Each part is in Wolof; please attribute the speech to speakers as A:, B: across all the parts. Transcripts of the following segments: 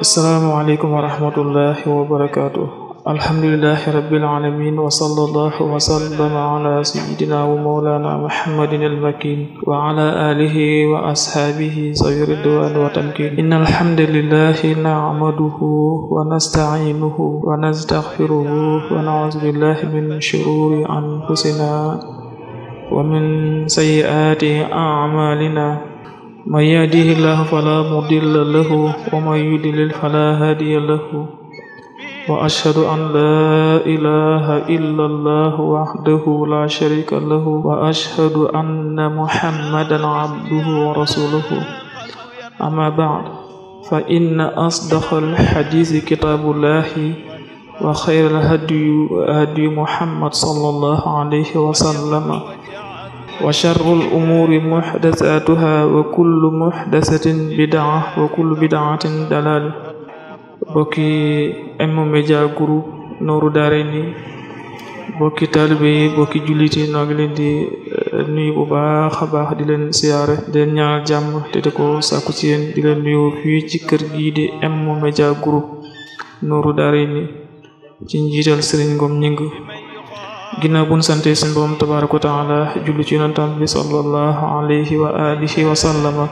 A: asalaamaaleykum wa rahmatullahi wa barakaatu alhamdulilahi rabbil alamin wa sallallahu wa sallama ala sayidina wa mawlana muhammadin almakin wa ala alihi wa ashaabihi sawi ridwan wa tamkin inna alhamdulilahi nacmaduhu wa nastacinuhu wa nastaxfiruhu wa nacuudu billahi min shururi anfusina wa min sayyiaati acmalina من يهديه الله فلا مضل له ومن يضلل فلا هادي له وأشهد أن لا إله إلا الله وحده لا شريك له وأشهد أن محمدا عبده ورسوله أما بعد فإن أصدق الحديث كتاب الله وخير الهدي هدي محمد صلى الله عليه وسلم wa sharrul umuuri muhdasaatuha wa kullu muhdasatin bid'a wa kullu bid'atin dalaal bokki M-Media Group Nourou Darayni bokki taalibe bokki jullit yi noo eh, nuyu bu baax a baax di leen siyaare di ñaar jàmm te ko sàkku di leen nuyu fii kër gii di M-Media Group Nourou Darayni ci njiital Serigne Ngom Gningue ginnaaw bu ñu sante suñu borom tabaaraka wa taala julli ci yonentam bi sallallahu alayhi wa alihi wa sallama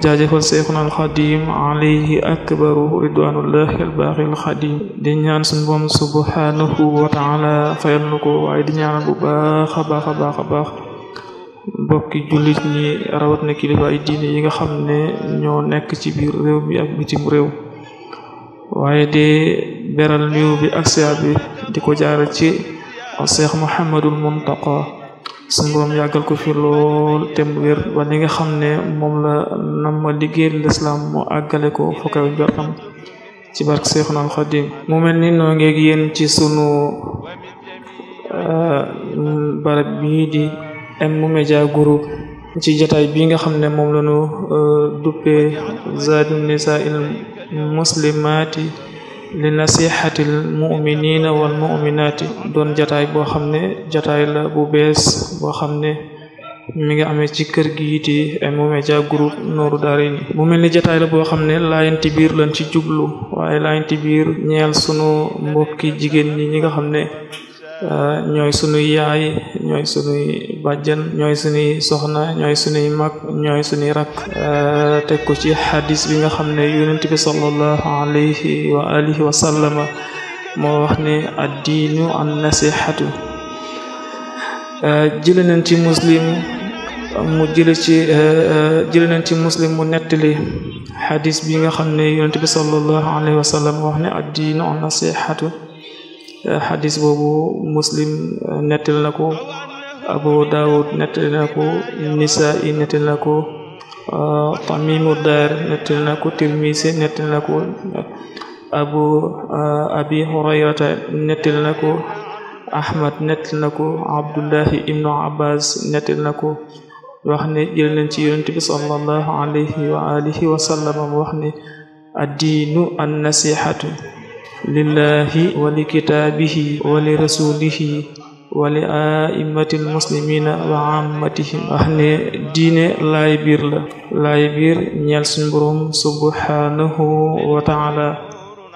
A: jaajëfal seexuna alxadim alayhi akbaru ridwanullahi albaaxi alxadim di ñaan suñu borom subhanahu wa taala fayal nu ko waaye di ñaan bu baax a baax a baax a baax mbokki jullit ñi rawat na kilifa diine yi nga xam ñoo nekk ci biir réew mi ak bitim réew waaye de beral nuyu bi ak bi di ko jaar ci ak seex Muhammadul Muntaqa suñu borom yàggal ko fi lool te mu wér ba li nga xam ne moom la nam ma liggéeyal lislaam mu àggale ko foo koy jortam ci mel ni noo ngeeg yéen ci sunu euh, barab bii di mu media Group ci jataay bi nga xam ne moom la ñu euh, duppee zaadu nisaa il muslimaati li nasihatil mu'minina wal mu'minati doon jataay boo xam ne jataay la bu bees boo xam ne mi ngi amee ci kër gi di M-Media Group Nourou Darayni mu mel ni jataay la boo xam ne laayanti biir lañ ci jublu waaye laayanti biir ñeel sunu mbokki jigéen ñi ñi nga xam ne Ah, ñooy sunuy yaay ñooy sunuy bàjjan ñooy sunuy soxna ñooy sunuy mag ñooy sunuy rak ah, teg ko ci xadis bi nga xam ne yonent bi sallallahu alayhi wa alihi wa sallama moo wax ne addiinu an nasihatu ah, jële nañ ci muslim mu jële ci jële nañ ci muslim mu nettali xadis bi nga xam ne yonent bi sallallahu alayhi wa sallam wax ne addiinu an nasihatu xadis boobu muslim eh, nettali na ko abu dawud nettali na ko nisaa'i nettali na ko eh, tamimu daar nettali na ko tirmisi nettali na ko abu eh, abi hurayrata nettali na ko ahmad nettali abdullahi ibnu abbas nettali na ko wax ne jël ci yonent sallallahu alayhi wa alihi wa sallam wax ne lillahi wa li kitaabihi wa li rasulihi aimati almuslimina wa ammatihim diine laay biir la laay biir ñeel suñ wa taala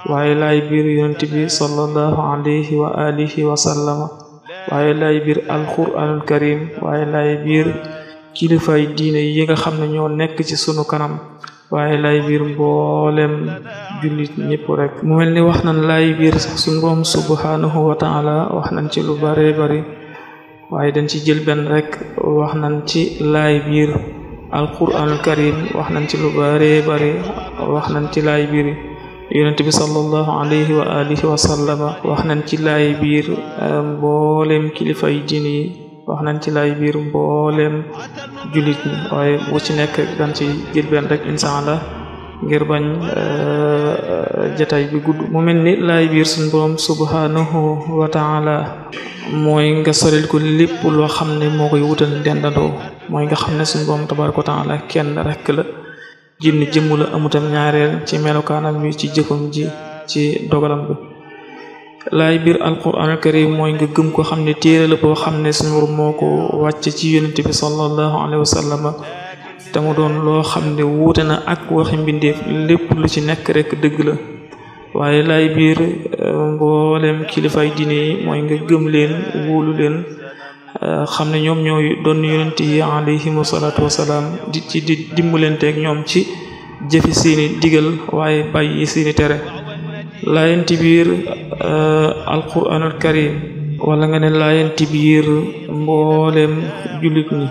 A: waaye laay biir yonent bi sallallahu alayhi wa alihi wa waaye laay biir alquranul karim waaye laay kilifay diine yi nga xam ne ñoo nekk ci sunu kanam waaye lay biir mboolem jullit ñëpp rek mu mel ni wax nañ lay biir suñ boom subhanahu wa taala wax nañ ci lu bare bari waaye dañ ci jël benn rek wax nañ ci laay biir alquranul karim wax nañ ci lu bare bare wax nañ ci laay biir yonent bi sallallahu alayhi wa alihi wa sallama wax nañ ci laay biir euh, mboolem kilifa yi diine wax nañ ci lay biir mbooleem jullit waaye bu ci nekk dañ ci jël benn rek insha ngir bañ euh, jataay bi gudd mu mel ni lay biir suñ borom subhanahu wa taala mooy nga soril ko lépp loo xam ne moo koy wutal dendandoo mooy nga xam ne suñ borom tabaraka wa taala kenn rek la jinn jëmm la amutam ñaareel ci melokaanam bi ci jëfam ji ci dogalam bi laay biir alquran alkarim mooy nga gëm ko xam ne téere la boo xam ne suñu borom moo ko wàcc ci yonent bi sallallahu alayhi wa te mu doon loo xam ne wuute na ak waxi mbindeef lépp lu ci nekk rekk dëgg la waaye laay biir euh, mboolem kilifaay diine yi mooy nga gëm leen wóolu leen euh, xam ne ñoom ñooy doon yonent yi alayhimu salaatu wasalaam di ci di dimbalanteeg ñoom ci jëfi seeni digal waaye bàyyi seeni tere laayanti biir eh, alquranul karim wala nga ne laayanti biir mboolem jullit ñi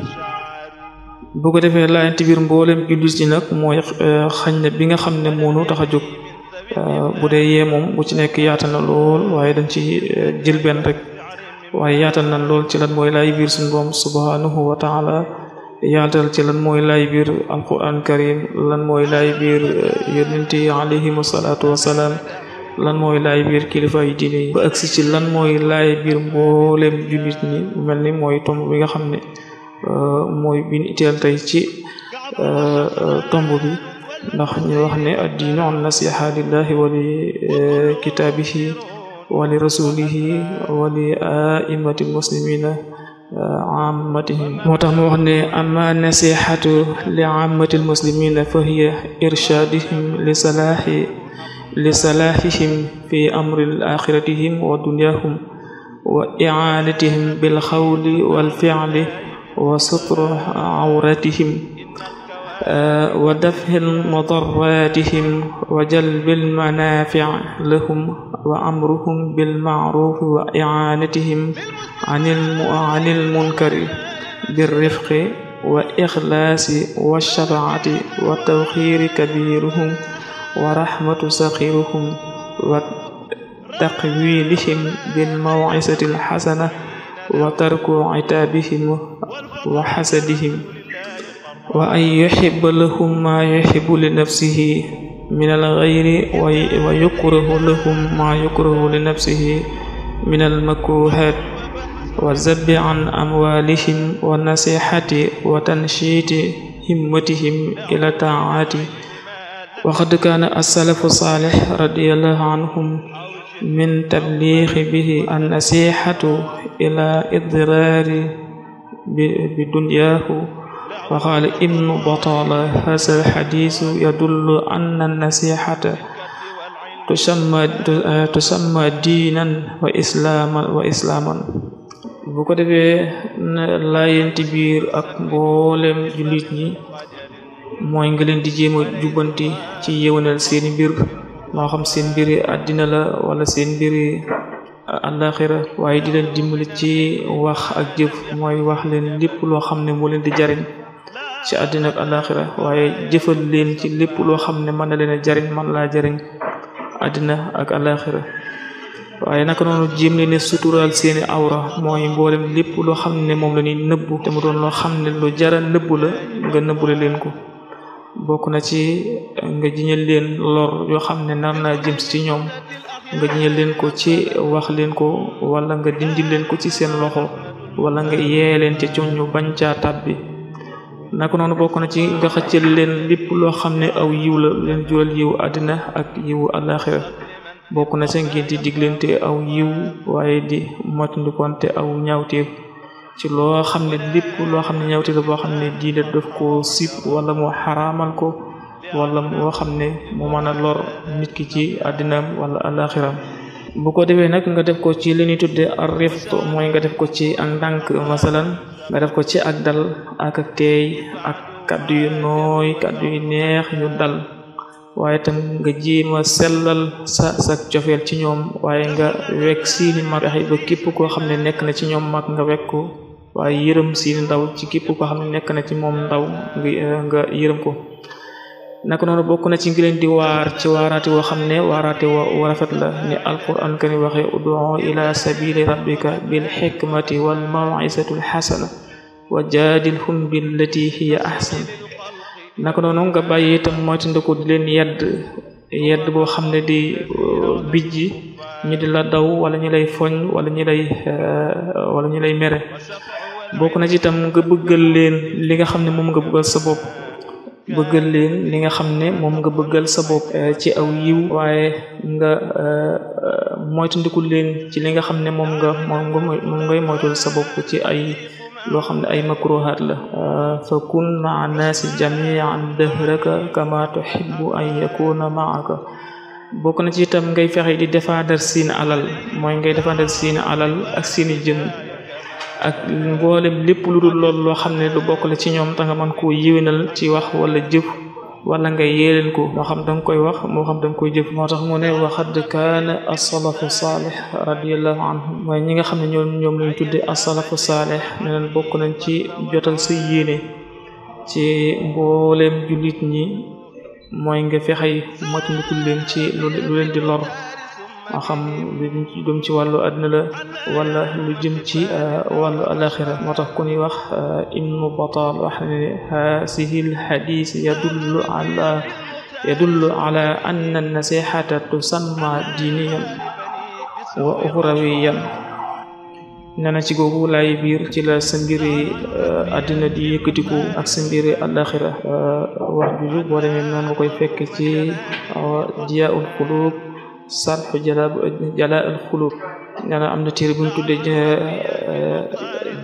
A: bu ko defee laayanti tibir mboolem jullit ñi nag mooy eh, xañ na bi nga xam ne moonu tax a jóg eh, bu dee yee moom bu ci nekk yaatal na lool waaye dañ ci jël rek waaye yaatal na lool ci lan mooy laay biir suñu boom subhanahu wa taala yaatal ci lan mooy laay biir alquran karim lan mooy laay biir yonent yi alayhim asalaatu wasalaam lan mooy laay biir kilifa yi diine yi ba agsi ci lan mooy laay biir mbooleem jullit ñi mel ni mooy tomb bi nga xam ne euh, mooy bi ñu tey ci euh, tomb bi ndax ñu wax ne addiinu an nasiha lillahi wa euh, kitaabihi wa rasulihi wa aimati muslimina ammatihim moo tax mu wax ne li ammatil muslimina fa hiya irshadihim li salaahi lisalahihim fi amri axiratihim wa dunyahum wa i'anatihim bil xawli wal fi'li wa sutru awratihim wa daf'i mudarratihim wa jalbil manaafi' lahum wa amruhum bil ma'rufi wa i'anatihim 'anil munkari bir rifqi wa ikhlaasi wa shafaa'ati wa tawxiiri kabiiruhum wa rahmatu saxiruhum wa taqwilihim bilmawcisati alxasana wa tarku citaabihim wa xasadihim wa an yuxiba lahum maa yuxibu li nafsihi min alxayri wa yukrahu lahum maa yukrahu li nafsihi min almakruhat wa zabbi an amwaalihim wa nasihati wa tanshiiti himmatihim ila taaati waqad kaana alsalafu saalix radiallahu anhum min tabliixi bihi an nasihatu ila idraari bi dunyaahu wa qaala ibnu batala haza alxadiisu yadullu anna nasihata tusamma diinan wa islaaman wa islaaman bu ko defee laayenti biir ak mboolem jullit ñi mooy nga leen di jéem a jubbanti ci yéwénal seeni mbir moo xam seen mbiri àddina la wala seen mbiri àllaaxira waaye di leen dimbali ci wax ak jëf mooy wax leen lépp loo xam ne moo leen di jariñ ci àddina ak waaye jëfal leen ci lépp loo xam ne mën na leen jariñ man laa jariñ addina ak àllaaxira waaye naka noonu jéem leen ne suturaal seeni awra mooy mboolem lépp loo xam ne moom la ñuy nëbbu te mu doon loo xam ne loo jara nëbbu la nga nëbbule leen ko bokk na ci nga jiñal leen lor yoo xam ne nar naa jëm ci ñoom nga jiñal leen ko ci wax leen ko walla nga dindi leen ko ci seen loxo wala nga yee leen ci cooñ ñu bañ caa tàbbi naka noonu bokk na ci nga xëccal leen lépp loo xam ne aw yiw la leen jural yiw àddina ak yiwu àllaaxira bokk na ci ngeen di digleente aw yiw waaye di moytandikonte aw ñaawteef ci loo xam ne lépp loo xam ne ñawte la boo xam ne diine daf ko sib wala mu xaraamal ko wala moo xam ne mu mën lor nit ki ci àddinaam wala alaxiram bu ko defee nag nga def ko ci li ñuy tuddee ar rift nga def ko ci ak ndànk masalan nga def ko ci ak dal ak ak teey ak kaddu yu nooy kaddu neex yu dal waaye tam nga jéem a sellal sa sa cofeel ci ñoom waaye nga wekk siini mag ba képp koo xam ne nekk na ci ñoom mag nga wekk ko waaye yërëm si ndaw ci képp koo xam ne nekk na ci moom ndaw eh, nga yërëm ko naka noonu bokk na ci ngi leen di waar ci waaraate wo xam ne waaraate woo rafet la ni alquran kani waxee ud'u ila sabili rabbika bil hikmati wal maw'izati al hasana wa jadilhum billati hiya ahsan naka noonu nga bàyyi itam moytandiku di leen yedd boo xam ne di eh, bijji ñu di la daw wala ñu lay foñ wala ñu eh, ñu lay mere bokk na ci itam nga bëggal leen li nga xam ne moom nga bëggal sa bopp bëggal leen li nga xam ne moom nga bëggal sa bopp eh, ci aw yiw waaye nga eh, moytandikul leen ci li nga xam ne moom nga moom nga moom ngay moytul sa bopp ci ay loo xam ne ay makruhaat la eh, fa kun maa naasi jamian dahraka kama tuhibbu an yakuna maaka bokk na ci itam ngay fexe di défendre siin alal mooy ngay defa défendre seen alal ak seeni jën ak mboolem lépp lu dul lool loo xam ne lu bokk la ci ñoom ta nga mën koo yéwénal ci wax wala jëf walla nga yéeleen ko moo xam danga koy wax moo xam danga koy jëf moo tax moo ne waxad kaana asalafu saalih radiallahu anhum mooy ñi nga xam ne ñoom ñoom lañ tudde asalafu saalih ne leen bokk nañ ci jotal sa yéene ci mbooleem jullit ñi mooy nga fexey moytandiku leen ci lu leen di lor moo lu jëm ci wàllu àdduna wala lu jëm ci uh, wàllu alaxira moo tax ku ñuy wax uh, ibnu batal wax ne haasihi lxadis yadullu ala yadullu ala anna nasihata wa uxrawiyan nee na ci googu laay biir ci la sa mbiri uh, àddina di yëkkatiku ak sa mbiri alaxira wax juju boo demee noonu koy fekk ci Diyaa'ul Quluub sarxu jalaa jalaa al xuluub nee na am na téere bu ñu tudde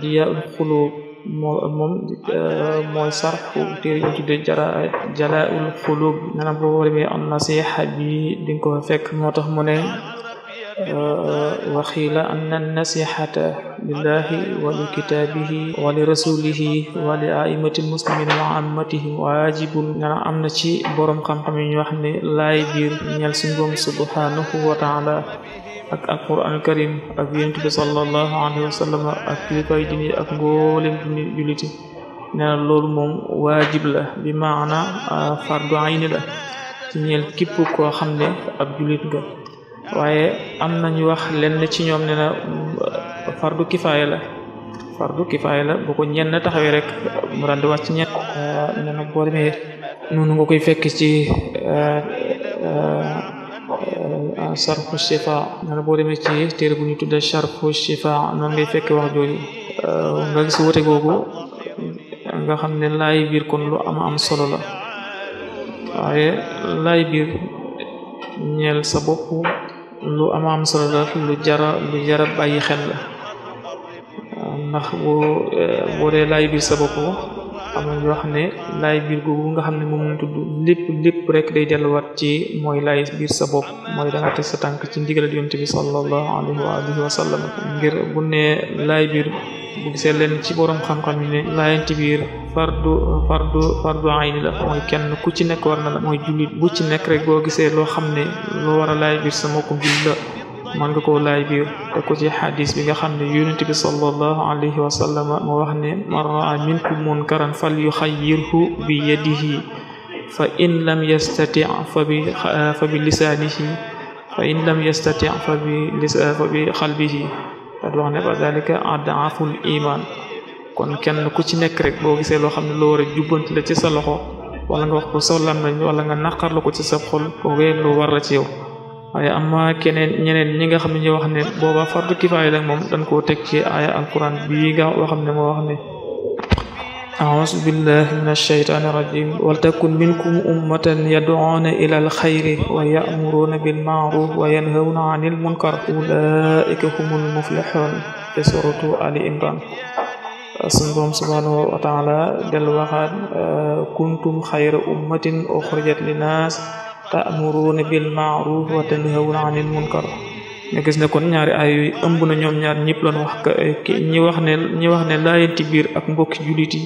A: diyaa eh, eh, al xuluub moom eh, mooy sarxu téere bu ñu tudde jalaa al xuluub nee na boo waree am nasiha bi dinga ko fekk moo tax mu ne وقيل أن النصيحة لله ولكتابه ولرسوله ولأئمة المسلمين وعامتهم واجب nena am na ci boroom xam-xam yi ñu wax ne laay biir ñeel suñu boom subhanahu wa taala ak alquran karim ak yonent bi sallallahu alayhi ak kilifay dini ak mboolem moom waajib la bi maana ah, fardu ayni la ci ñeel képp koo xam ne ab jullit nga waaye am nañu wax lenn ci ñoom ne na mm, fardu kifaaya la fardu kifaaya la bu ko taxawee rek mu wax ci ñenn ne boo demee noonu nga koy fekk ci sarfu shifa nana boo demee ci téere bu ñu tudda sarfu shifa noonu ngay fekk wax jooju nga gis wote googu nga xam ne laay biir kon lu ama am solo la waaye laay biir ñeel sa bopp lu ama am solo la lu jara lu jara bàyyi xel la ndax boo eh, boo dee laay biir sa bopp am na ñoo xam ne laay biir googu nga xam ne moom lañ tudd lépp lépp rek day delluwaat ci mooy laay biir sa bopp mooy danga teg sa tànk ci ndigalal yonent bi sallallahu alayhi wa alihi wa sallam ngir bu ne laay biir bu gisee leen ci borom xam-xam yi ne laayante biir fardu fardu ayni la mooy kenn ku ci nekk war na la mooy jullit bu ci nekk rek boo gisee loo xam ne loo war a laay biir sa mbokkum jullit la mën nga koo biir te ko ci xadis bi nga xam ne yonent bi sallallahu alayhi wa moo wax ne man raa minkum munkaran fal yuxayyirhu bi yadihi fa in lam yastati fa bi fa bi lisaanihi fa in lam yastati bi fa bi xalbihi daal di wax ne fa zalika adaful iman kon kenn ku ci nekk rek boo gisee loo xam ne loo war a jubbanti la ci sa loxo wala nga wax ko sa làmmiñ wala nga naqarlu ko ci sa xol lu war la ci yow am ma keneen ñeneen ñi nga xam ne ñu wax ne booba fardu kifaaya la moom dañ koo teg ci aaya alquran bii nga wax ne moo wax ne a بالله من الشيطان الرجيم ولتكن منكم أمة يدعون إلى الخير ويأمرون بالمعروف وينهون عن te suratu Ali Imran suñ borom subhanahu wa dellu waxaat kuntum xayra ummatin uxrijat linnaas ta'muruuna bil ma'ruf wa tanhawna 'anil kon ñaari ay yooyu ñoom ñaar ñëpp loon wax ñi wax ne ñi wax ne laayenti biir ak mbokki jullit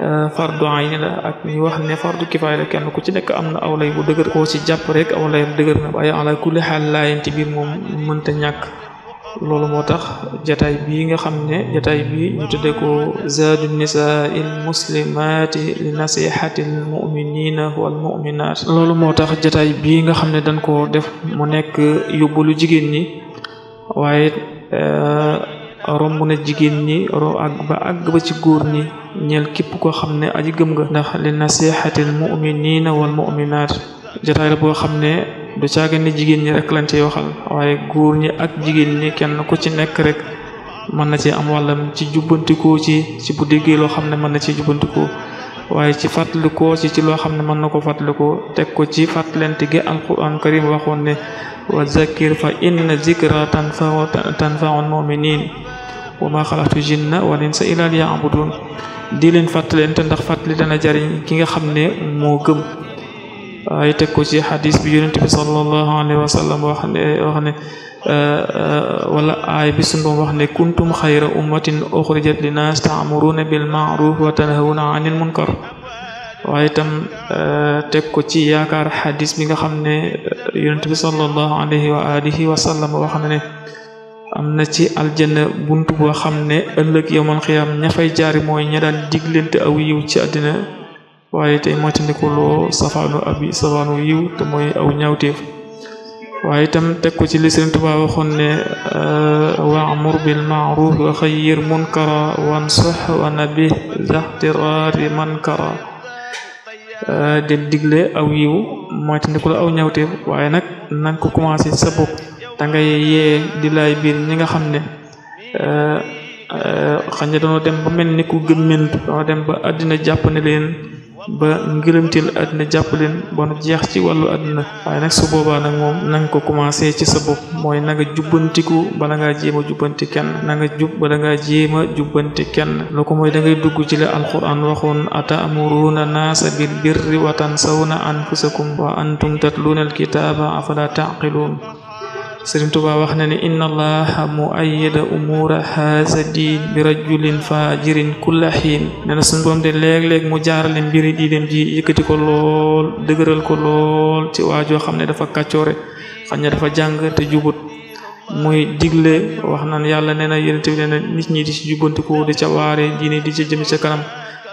A: Euh, fardu ayni la ak ñi wax ne fardu kifaaya la kenn ku ci nekk am na aw lay bu dëgër koo ci jàpp rek aw layam dëgër na waaye ala kulli xaal biir moom mënta ñàkk moo tax jataay bii nga xam ne jataay bii ñu tudde ko zaadu moo tax jataay bii nga xam ne dañ koo def mu nekk yóbbalu jigéen ñi waaye euh, romb na jigéen ñi ro ak ba àgg ci góor ñi ñeel képp koo xam ne aji gëm nga ndax li nasihatil mu'minina wal mu'minat jotaay la boo xam ne du caagan ne jigéen ñi rek lañ cey waxal waaye góor ñi ak jigéen ñi kenn ku ci nekk rek mën na ci am wàllam ci jubbantikoo ci ci bu déggee loo xam ne mën na ci jubbantikoo waaye ci fàttalikoo ci loo xam ne mën na ko fàttalikoo teg ko ci fàttalante gi alquran karim waxoon ne wa zakir fa inna zikra tanfa'u tanfa'ul mu'minin wa ma xalaqtu jinna wal insa illa ndax fàttali dana jariñ ki nga xam ne moo gëm ay teg ko ci xadis bi yonent bi sallallahu alayhi wa wax ne wax ne euh, euh, wala aay bi sunu wax ne kuntum xayra ummatin uxrijat bil ma'ruf wa tanhawna 'anil munkar waaye itam euh, teg ko ci yaakaar xadis bi nga xam ne yonent bi sallallahu alayhi wa alihi wa sallam wax na ne am na ci aljanna bunt boo xam ne ëllëg yowmal xiyam ña fay jaari mooy ña daan aw yiw ci àddina waaye tey moytandikuloo safaanu abi safaanu yiw te mooy aw ñaawteef waaye itam teg ko ci li Sëriñ Tuubaa waxoon ne wa'mur bil ma'ruf wa xayyir munkara wansih wa nabih zaxtiraari mankara del digle aw yiw moytandikul aw ñaawteef waaye nag nang ko commencé sa bopp da ngay yee di laay biir ñi nga xam ne euh, euh, xañ na dañoo dem ba mel ni ku gëmmentu dañoo dem ba àddina jàpp ne leen ba ngërëmtil addina jàpp leen ba nu jeex ci wàllu àddina waaye nag su boobaa nag moom na nga ko commencé ci sa bopp mooy na jubbantiku bala ngaa jéem a jubbanti kenn na nga jub bala ngaa jéem a jubbanti kenn lu ko mooy da ngay dugg ci la alquran waxoon ata'muruna naasa bil birri wa tansawna anfusakum wa antum tatluuna alkitaaba afala taqilun Sëriñ Tuubaa wax na ne inna allaha muayyada umuura haasa diin bi rajulin faajirin kulla xiin nee na suñ boom de léeg-léeg mu jaarale mbiri diineem ji yëkkati ko lool dëgëral ko lool ci waajoo xam ne dafa kàccoore xam ne dafa jàng te jubut muy digle wax naan yàlla nee na yonent bi nit ñi di ci jubbantiku di ca waare diine di ca jëm ca kanam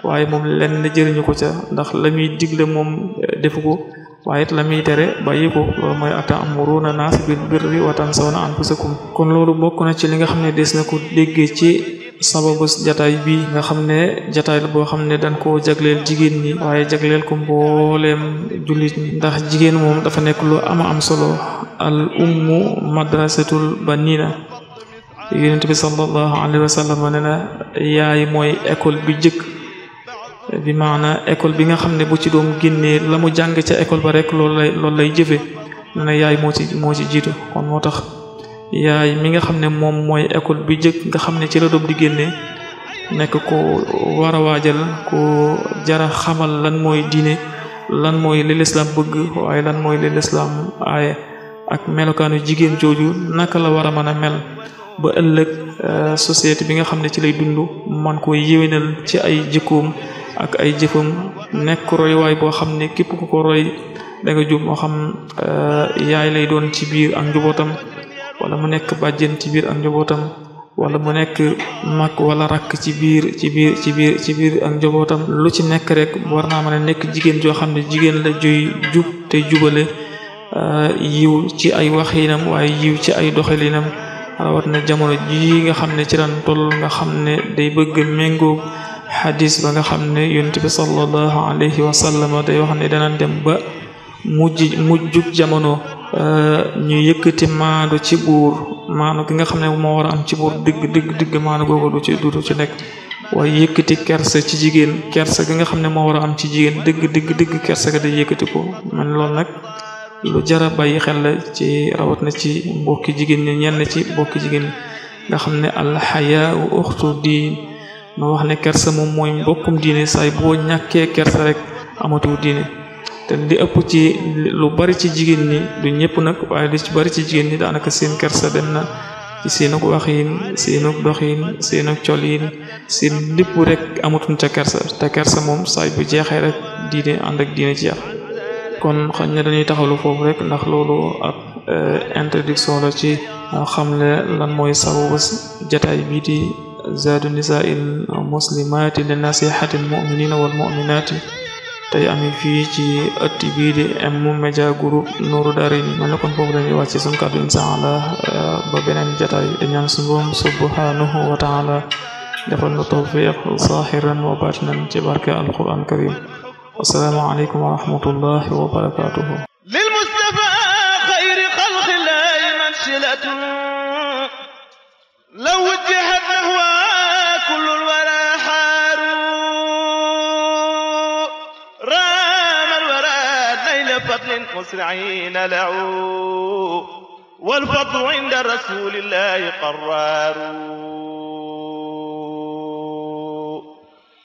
A: waaye moom lenn jëriñu ko ca ndax la muy digle moom eh, defu ko waaye it la muy tere bàyyi ko loolu mooy atamuruna naas bil birri wa kon loolu bokk na ci li nga xam ne des na ko déggee ci sababu jataay bi nga xam ne jataay boo xam ne dañ koo jagleel jigéen ñi waaye jagleel ko mbooleem jullit ñi ndax jigéen moom dafa nekk lu ama am solo al ummu madrasatul banina yonent bi sallallahu alayhi wa sallam ne na yaay mooy école bi jëkk bi maana école bi nga xam ne bu ci doom génnee la mu jàng ca école ba rek loolu lay jëfe na yaay moo ci moo ci jiitu kon moo tax yaay mi nga xam ne moom mooy école bi jëkk nga xam ne ci la doom di génnee ko war a waajal ko jara xamal lan mooy diine lan mooy li lislaam bëgg lan mooy li lislaam aaye ak melokaanu jigéen jooju naka la war a mën a mel ba ëllëg euh, société bi nga xam ne ci lay dund man koy yéwénal ci ay jëkkoom ak ay jëfam nekk royuwaay boo xam ne képp ku ko roy da jub moo xam eh, yaay lay doon ci biir ak njabootam wala mu nekk bàjjen ci biir ak wala mu nekk mag wala rakk ci biir ci biir ci biir ci biir ak njabootam lu ci nekk rek war naa mën a nekk jigéen joo xam ne jigéen la juy jub te jubale eh, yiw ci ay waxinam waaye yiw ci ay doxalinam rawat na jamono ji nga xam ne ci ran toll nga xam ne day bëgg méngoo xadis ba nga xam ne yonent bi sallallahu alayhi wa sallam day wax ne dana dem ba mujj mujjug jamono euh, ñu yëkkati maandu ci buur maandu gi nga xam ne moo war a am ci buur digg digg digg maandu googu du ci du ci nekk waaye yëkkati kersa ci jigéen kersa gi nga xam ne moo war a am ci jigéen digg digg digg kersa ga day yëkkati ko man lool nag lu jara bàyyi xel la ci rawat na ci mbokki jigéen ñi ñenn ci mbokki jigéen nga xam ne alxayaa uxtu diin ma wax ne kersa moom mooy mbokkum diine saay boo ñàkkee kersa rek amatoo diine te li ëpp ci lu bari ci jigéen ñi du ñëpp nag waaye lu ci bari ci jigéen ñi daanaka seen kersa dem na ci seenug waxiin seenug doxiin seenug coliin seen lépp rek amatuñ ca kersa te kersa moom saay bu jeexee rek diine ànd ak diine jeex kon xañ ne dañuy taxalu foofu rek ndax loolu ab euh, introduction la ci xam xamle lan mooy sababu jataay bii zaadu nisaa'il muslimaati li nasiihati mu'miniina wal mu'minaati tey ami fii ci ëtt bii di M-Media Group Nourou Darayni man la kon foofu dañuy wàcc suñu kàddu insha Allah eh, ba beneen jataay dañaan suñu Boroom subhaanahu wa ta'ala defal na tawfiq zaahiran wa baatinan ci barke al-Qur'aan karim assalaamu aleykum wa rahmatullahi wa barakaatuhu lil-Mustafa xayri xalqi laahi manzilatun المسرعين لعوا والفضل عند رسول الله قرار